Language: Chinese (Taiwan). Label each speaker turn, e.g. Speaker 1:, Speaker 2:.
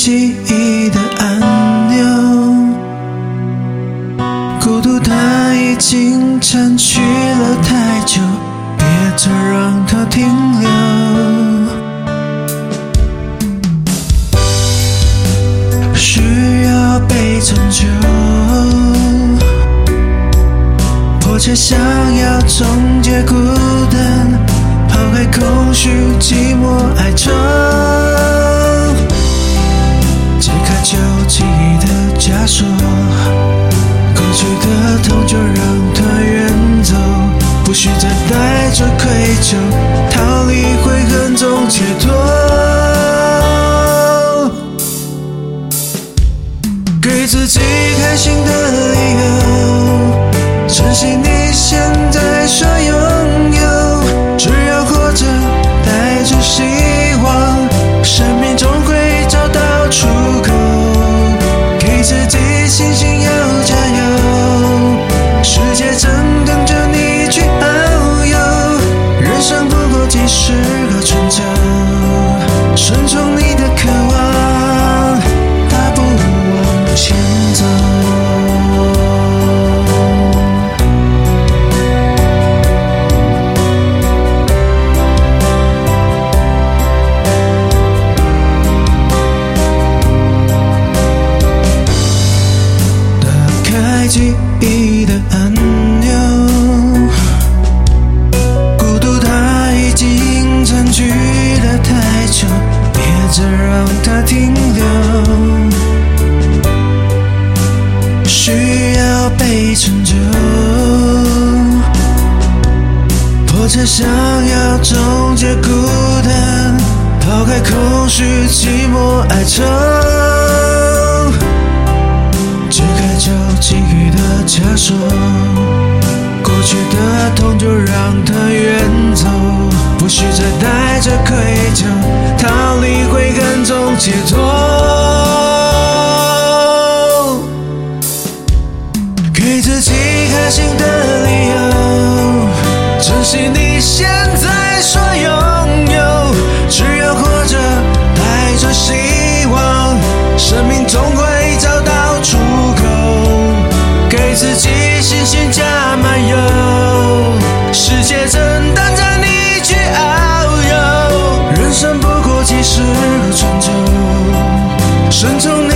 Speaker 1: 記憶的按鈕，孤獨它已經佔據了太久，別再讓它停留。需要被拯救，迫切想要終結孤單，拋開空虛、寂寞、哀愁。就讓它遠走，不需再帶着愧疚，逃離悔恨中解脫，給自己開心的理由，珍惜你。被拯救，迫切想要終結孤單，拋開空虛寂寞哀愁，解開舊記憶的枷鎖。過去的痛就讓它遠走，不需再帶。珍惜你現在所擁有，只要活着，帶着希望，生命總會找到出口。給自己信心加滿油，世界正等着你去遨遊。人生不過幾十個春秋。順從